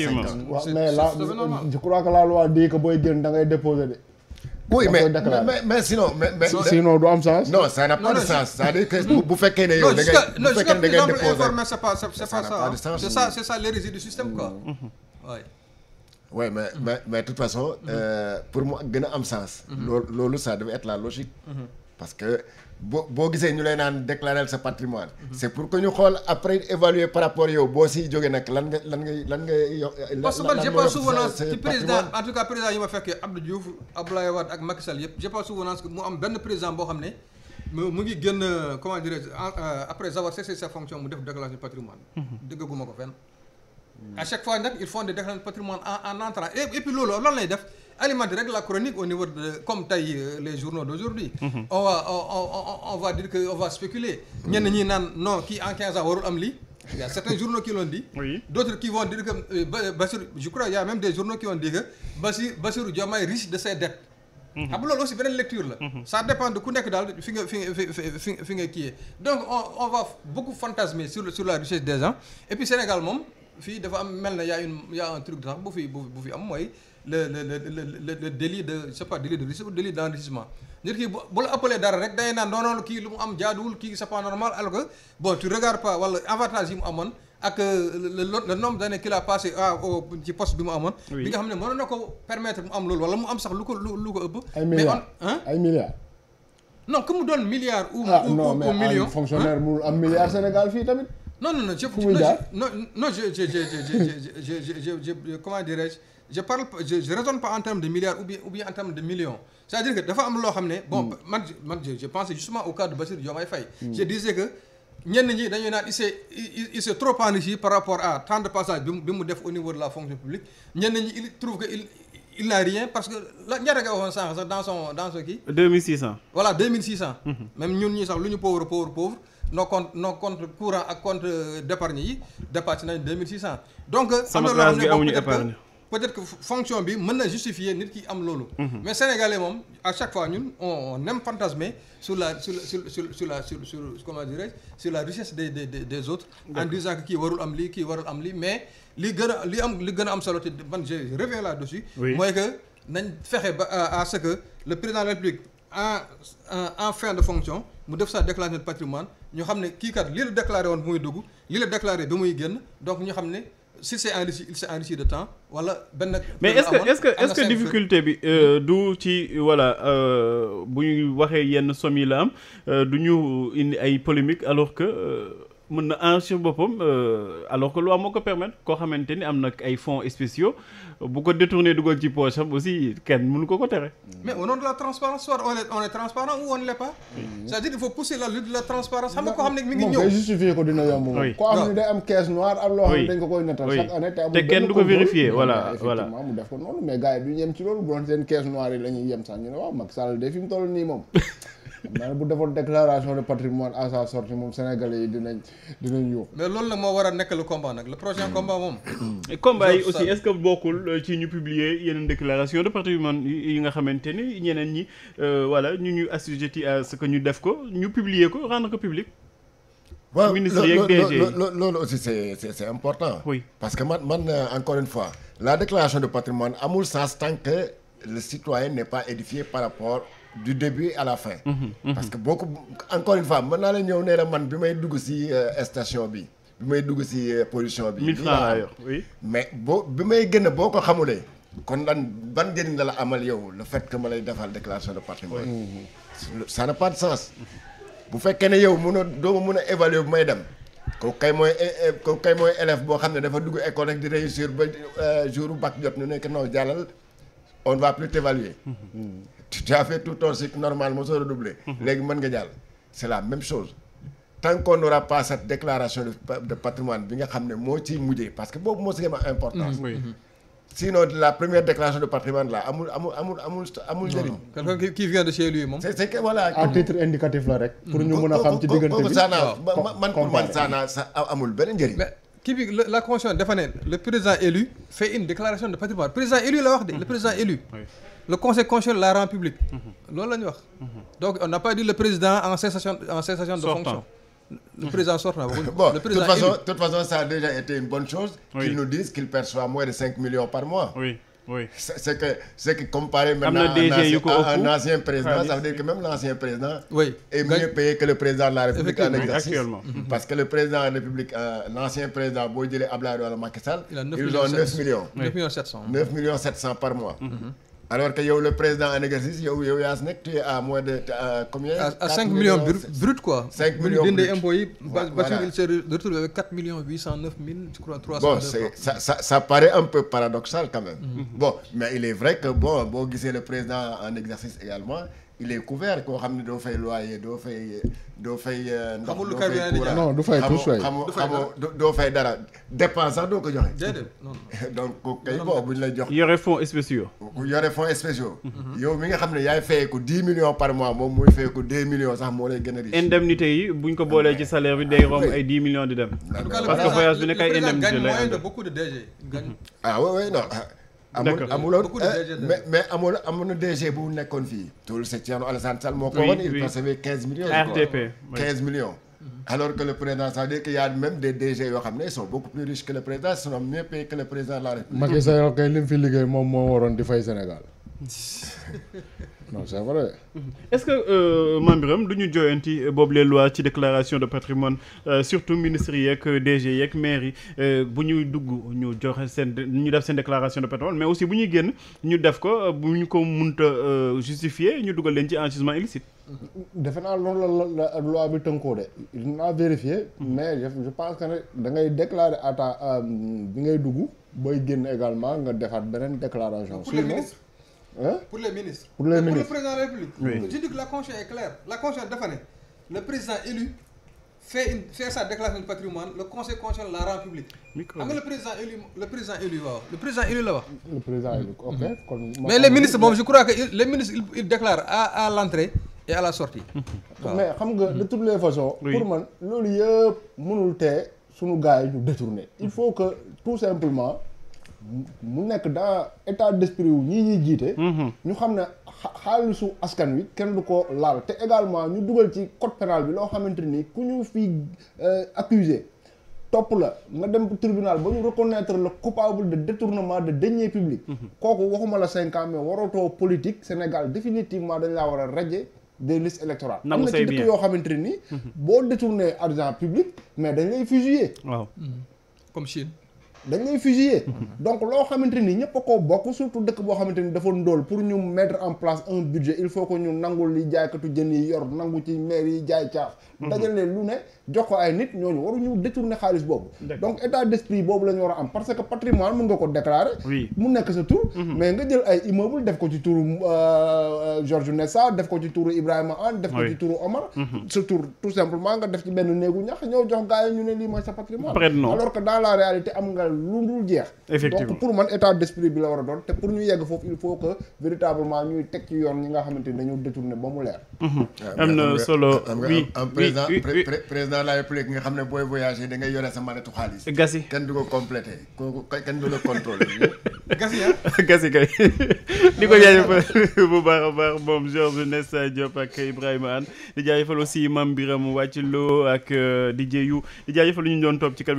effectivement waaw mais là je crois que la loi dit que booy génn da ngay déposer de. oui mais mais mais sinon mais du am sens. non ça n'a pas de sens c'est-à-dire que bu du pour mu gën am sens. Mm-hmm. loolu loolu ça devait la logique. Mm-hmm. parce que boo boo gisee ñu lay naan déclarer sa patrimoine mhm. c'est pour que ñu xool après évaluer par rapport yow boo siy jógee nag lan nga lan ngay lan nga yo parce que man j'ai pas ci président en tout cas président yi ma fekkee Abdou Diouf Abdoulaye Wade ak Macky Sall yëpp j'ai pas mu am benn président boo xam ne mu ngi génn comment dirais-je euh, après avoir cessé sa fonction mu def déclaration de patrimoine mhm. déggaguma ko fenn à chaque fois nag ils font des déclarations de patrimoine lay def alimenter rek la chronique au niveau de comme tey euh, les journaux d'aujourd'hui mhm. on va dire que on va spéculer ñenn ñi naan non kii en quinze warul am lii il certains journaux qui l'ont dit d'autres qui vont dire que euh, Bassirou je crois il y a riche de ses dettes mhm. xam loolu aussi beneen lecture la mhm. ça dépend de ku nekk daal fi nga fi nga donc on on va beaucoup fantasmer sur la richesse des gens et puis Sénégal moom fii dafa mel na y a une y a un bu fi bu fi am mooy le le le le délit de je pas délit de riche nit ki bu la dara rek day naan doonoon kii lu mu am jaaduwul kii c'est pas normal alors que bon tu regardes pas wala avantage yi mu amoon ak le le nombre d'années qu'il a passé à ci poste bi mu amoon. bi xam ne mënoon na ko permettre mu am loolu wala mu am sax lu ko lu lu ko ëpp. ay milliards ay non que mu doon milliard. ou ou non mais un fonctionnaire mu am milliard Sénégal fii tamit. non non non je non je je je je je je parle je, en termes de milliards ou bien en termes de millions c'est-à-dire que dafa am loo xam ne bon hmm. man je pensais justement au cas de Bassirou Diomaye Faye hmm. je disais que ñenn ñi dañuy naan il s'est il par rapport à tant de passage bi mu bi mu def au niveau de la fonction publique ñenn ñi il que il il n'a rien parce que la ñaata nga waxoon sànq sax dans son dans son hmm. ñun ñii sax lu ñu pauvre pauvre pauvre nos comptes nos comptes ak comptes euh, d'épargne yi dépassé nañ 2600. donc euh, am na loo xam ne épargne. peut-être que fonction bi mën na justifier nit ki am loolu. Mhm. mais sénégalais moom à chaque fois ñun on aime fantasmer sur la sur sur sur sur la sur la richesse des des des autres. en disant que kii warul am lii ki warul am lii mais li gën a li am li gën a am solo te man je reviens là-dessus. mooy que nañ fexe ba à ce que le président de la République en en fin de fonction mu def sa déclaration de patrimoine ñu xam ne kii kat lii la déclaré woon bu muy dugg lii la déclaré bi muy génn donc ñu xam ne. si c'est de temps wala benn. mais est-ce que est-ce que est-ce que difficulté bi euh, hmm. du ci voilà euh, bu ñu waxee yenn somme yi la am euh, du ñu indi ay polémique alors que. mën na enrichir boppam euh, alors que loi moo ko permettre koo xamante ni am na ay fonds spéciaux bu ko détourné dugal ci poche am aussi kenn mënu ko ko tere. mais au nom on est on est transparent ou on ne cest dire il faut pousser la lutte la transparence xam nga koo xam ne mi ngi ñëw. ko dina yomb day am caisse noire am loo xam ne dañ ko koy nettal chaque année. te kenn du ko vérifier voilà voilà effectivement mu def ko noonu mais gars yi du ñu yem ci loolu bu seen caisse noire yi la yem sax ñu ne waaw Macky Sall de fi mu toll nii moom. naa bu defoon déclaration de patrimoine à sa moom sénégalais yi dinañ dinañ yuux mais loolu nag moo war a nekk le combat nag le prochain combat moom combat yi aussi est-ce que bokkul euh, ci ñu publier yeneen déclaration de patrimoine yi nga xamante ni ñeneen ñi wala euh, ñu ñu assujetti à ce que ñu def ko ñu publier ko rendre ko public waaw ministre yeeg DG loolu aussi c'est c'est c'est important parce que man man euh, encore une fois la déclaration de patrimoine amul sens tant que le citoyen n'est pas édifié par rapport du début à la fin. Mhm, mhm. parce que boo ko encore une fois mën naa la ñëw nee na man bi may dugg si euh, station bi bi may dugg si euh, position bi. 1000 mais boo bi may gën a boo ko xamulee. kon lan ban njëriñ la la amal yow le fait que ma lay defal déclaration de patrimoine. ça n'a pas de sens. bu fekkee ne yow mënoo doo ma mun a évaluer bu may dem. kooku kay mooy eh, eh, kay mooy élève boo xam ne dafa dugg école rek di réussir ba euh, jour bu bac jot ñu nekk non jàllal on va plus t'évaluer. Mhm. tu as fait tout ton cycle normal mosoo redoublé. Mhm. léegi mën nga jàll c' la même chose. tant qu'on n'aura pas cette déclaration de patrimoine bi nga xam ne moo ciy mujjee parce que boobu moo si gën a importance mhm. sinon la première déclaration de patrimoine là amul amul amul amul amul njëriñ quelqu'un titre indicatif la rek pour ñu mën a xam ci diggante bi kooku man man saanaa amul benn njëriñ kii bi la constitution dafa ne le président élu fait une déclaration de patrimoine président élu la wax de. le président élu. Mm-hmm. le conseil constitutionnel la rend publique. Mm-hmm. loolu la ñu wax. Mm-hmm. donc on n'a pas dit le président en cessation en cessation de fonction. le président sortant bon de toute façon de toute façon ça a déjà été une bonne chose. qu'ils nous disent qu'ils perçoivent moins de cinq millions par mois. oui. oui c'est que c'est que comparé maintenant à un ancien président ça veut que même l'ancien président oui est mieux payé que le président de la République en exercice mm-hmm. Mm-hmm. parce que le président de la République euh, l'ancien président boo jëlee Abdoulaye Wade Macky Sall ils ont millions 9 millions 700 9 millions 700 par mois mm-hmm. alors que yow le président en exercice yow yow yaa si nekk tu es à moins de euh, combien. à 5 millions brut quoi. 5 millions brut bu ñu dindee impôts yi. voilà Bassirou il se retrouve avec 4 millions 809 mille je crois 300. bon c'est ça ça ça paraît un peu paradoxal quand même. Mm-hmm. bon mais il est vrai que bon boo gisee le président en exercice également. il est couvert koo xam ne doo fay loyer doo fay doo fay euh, ndox doo fay courant non du fay tous waay xamoo xamoo doo fay dara dépense sax doo ko joxe donc kay boo bu ñu lay jox yore fonds spéciaux yore fonds mhm. yow mi nga xam ne yaay fayee ko dix millions par mois moom muy fee ko deux millions sax moo lay gën a riche indemnité yi buñ ko boolee ci salaire bi day romb ah, ay dix millions di dem ah, parce que voyage bi nekk ay indemnité lay de DG gagne ah oui oui non amul amuloon euh, mais mais amul amoon na DG bu nekkoon fii. tout c'est Thierno Alassane Sall moo ko il percevait 15 millions. RTP 15 millions. alors que le président ça dire que y même des DG yoo xam ne ils sont beaucoup plus riches que le président sont mieux payés que le président la République. Macky Sall kay li mu fi liggéey moom moo waroon di fay Sénégal. non c'est vrai. est-ce que euh, Mame Birame du ñu joyanti boobu les lois ci déclaration de patrimoine euh, surtout ministres yeeg DG yeeg maire yi euh, bu ñuy dugg ñu joxe seen ñu def seen déclaration de patrimoine mais aussi bu ñuy génn ñu def ko bu ñu ko munta justifier ñu dugal leen ci enrichissement illicite. defe naa loolu la loi bi tënkoo de dinaa mhm. mais je pense que da ngay déclarer à ta bi ngay dugg booy génn également nga defaat beneen déclaration. pour pour les ministres. pour les ministres pour le président de la République. oui je dis la conscience est claire la conscience dafa ne le président élu fait une fait sa déclaration de patrimoine le conseil constitutionnel la rend publique. xam nga le président élu le président élu waaw le président élu ok mhm. mais les ministres moom je crois que les ministres ils déclarent à à l' entrée et à la sortie. Mhm. mais xam nga de toutes les façons. pour man loolu yëpp mënul tee sunu gars yi ñu il mhm. faut que tout simplement. mu nekk dans état d'esprit wu ñii ñuy jiite. Mhm. ñu xam ne xaalisu askan wi kenn du ko laal te également ñu dugal ci code pénal bi loo xamante ni ku ñu fi euh, accusé topp la nga dem tribunal ba ñu reconnaître le coupable de détournement de deniers publics. Mhm. kooku waxuma la cinq ans mais warootoo politique Sénégal définitivement dañ laa war a radier des listes électorales. am na yoo xamante ni. Mhm. boo détourné argent public mais dañ lay fusiller. waaw dañ lay donc loo xamante ni ñëpp a ko bokk surtout dëkk boo xamante ni dafa ndóol pour ñu mettre en place un budget il faut que ñu nangul li jaaykatu jën yi yor nangu ci maire yi jaay caaf mhm. dajal lu ne jox ko ay nit ñooñu waruñu détourner xaalis boobu donc état d'esprit boobu la ñu war a am parce que patrimoine mun nga ko déclarer mu nekk sa tur mhm. mais nga jël ay immeuble def ko ci turu euh, euh, Georges Nessa def ko ci turu Ibrahima Anne def ko ci turu Omar mhm. xelal lu dul jeex. effectivement bi la war a doon te pour ñu yegg foofu il faut que véritablement ñuy teg ci yoon ñi nga xamante ni dañoo détourné ba mu leer. Mhm. am na solo oui président la république nga xam ne booy voyager da ngay yore sa maletu xaalis. gasi kenn du ko complété kooku kenn du la contrôlé. gasi ah gasi kay di ko jaajëfal bu baax a baax moom Georges Nesta Diop ak Ibrahima Anne di jaajëfal aussi Mame Birame Wathilo ak euh, DJ Yu di jaajëfal ñu doon topp